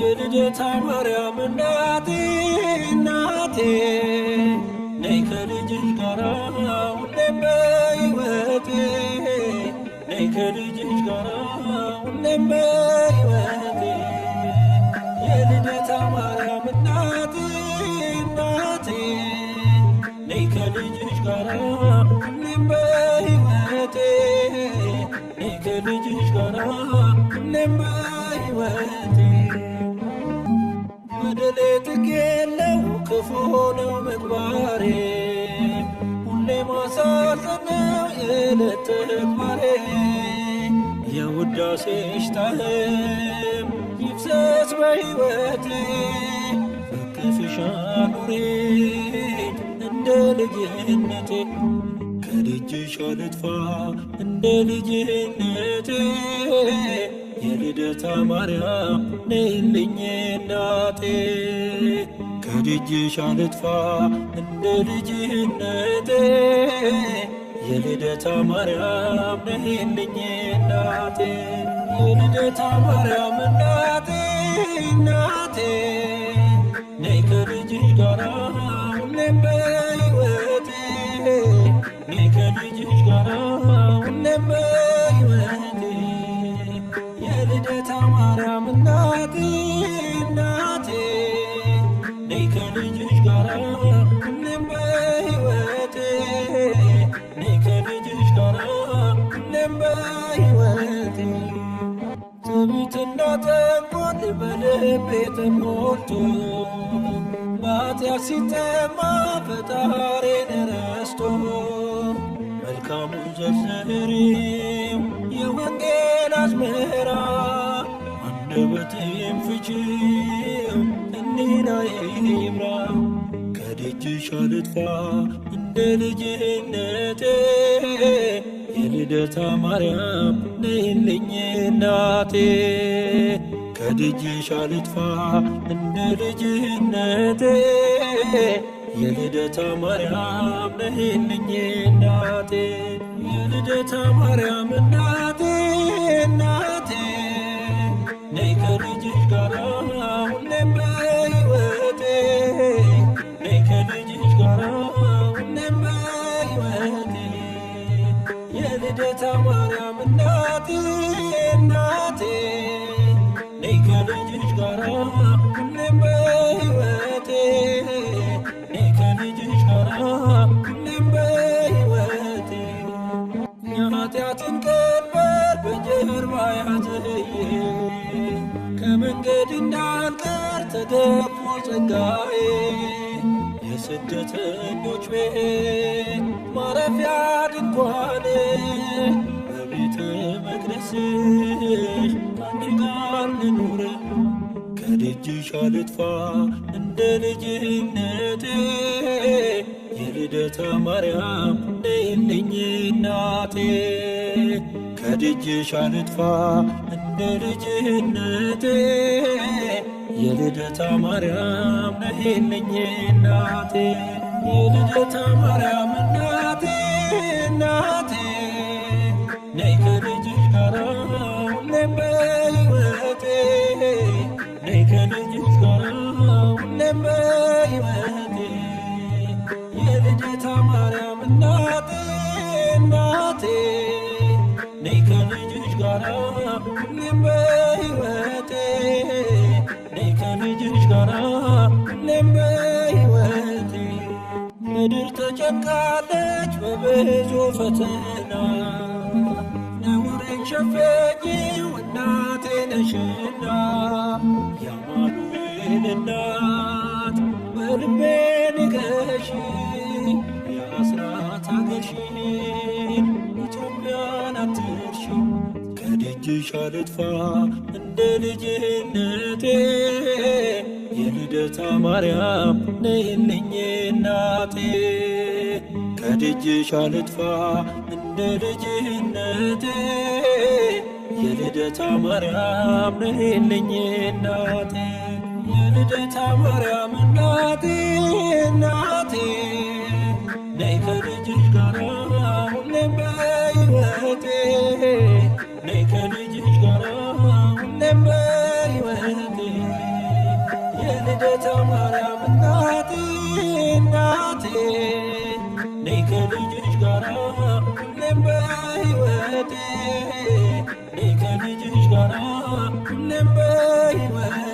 የልደታ ማርያም እናቴ እናቴ ነይ ከልጅሽ ጋራ ሁሌም በሕይወቴ ነይ ከልጅሽ ጋራ በሕይወቴ የልደታ ማርያም እናቴ እናቴ ነይ ከልጅሽ ጋራ በሕይወቴ ነይ ከልጅሽ ጋራ በሕይወቴ ልትክበሬ የውዳሴሽ ጣዕም ይፍሰስ በሕይወቴ በክፍሽ አኑሬ እንደ ልጅነቴ ከደጅሽ አልጥፋ እንደ ልጅነቴ የልደታ ማርያም ነይልኝ እናቴ ከደጅሽ አልጥፋ እንደ ልጅነቴ የልደታ ማርያም ነህልኝ እናቴ የልደታ ማርያም እናቴ እናቴ ነይ ጋራ ሁሌም በሕይወቴ ነይ ጋራ ሁሌም በሕይወቴ የልደታ ማርያም እኔም በሕይወቴ ትሕትና ተንኮል በልቤ ተሞልቶ በኃጢአት ሲጠማ ፈጣሪን ረስቶ መልካሙን ዘርዝሬው የወንጌል አዝመራ አንደበቴም ፍቺው ሕሊናዬ ይምራ ከደጅሽ አልጥፋ እንደ ልጅነቴ ልደታ ማርያም ነይልኝ እናቴ ከልጅሽ አልጥፋ እንደ ልጅነቴ የልደታ ማርያም ነይልኝ እናቴ የልደታ ማርያም እናቴ የልደታ ማርያም እናቴ እናቴ ነይ ከልጅሽ ጋራ ሁሌም በሕይወቴ ነይ ከልጅሽ ጋራ ሁሌም በሕይወቴ የኃጢአትን ቀንበር በጀርባ ያዘየ ከመንገድ እንዳንቀር ተገፎ ጸጋዬ የስደተኞች ቤት ማረፊያ ድንኳን በቤተ መቅደስሽ አንቺ ጋር ልኑር ከደጅሽ አልጥፋ እንደ ልጅነቴ የልደተ ማርያም ነይልኝ እናቴ ከደጅሽ አልጥፋ እንደ ልጅነቴ የልደታ ማርያም ነሄነኝ እናቴ የልደታ ማርያም እናቴ እናቴ ነይ ከልጅሽ ሁሌም በሕይወቴ ነይ ከልጅሽ ሁሌም በሕይወቴ የልደታ ማርያም እናቴ እናቴ ነይ ከልጅሽ ሁሌም ምስጋና ሁሌም በሕይወቴ ምድር ተጨንቃለች በብዙ ፈተና ነውሬን ሸፈኝው እናቴ ነሽና የአማኑኤል እናት ስምሽ አልጥፋ እንደ ልጅነቴ የልደታ ማርያም ነይልኝ እናቴ ከድጅሽ አልጥፋ እንደ ልጅነቴ የልደታ ማርያም ነይልኝ እናቴ የልደታ ማርያም እና ጋራ ሁሌም በሕይወቴ እኔ ከልጅሽ ጋራ ሁሌም በሕይወቴ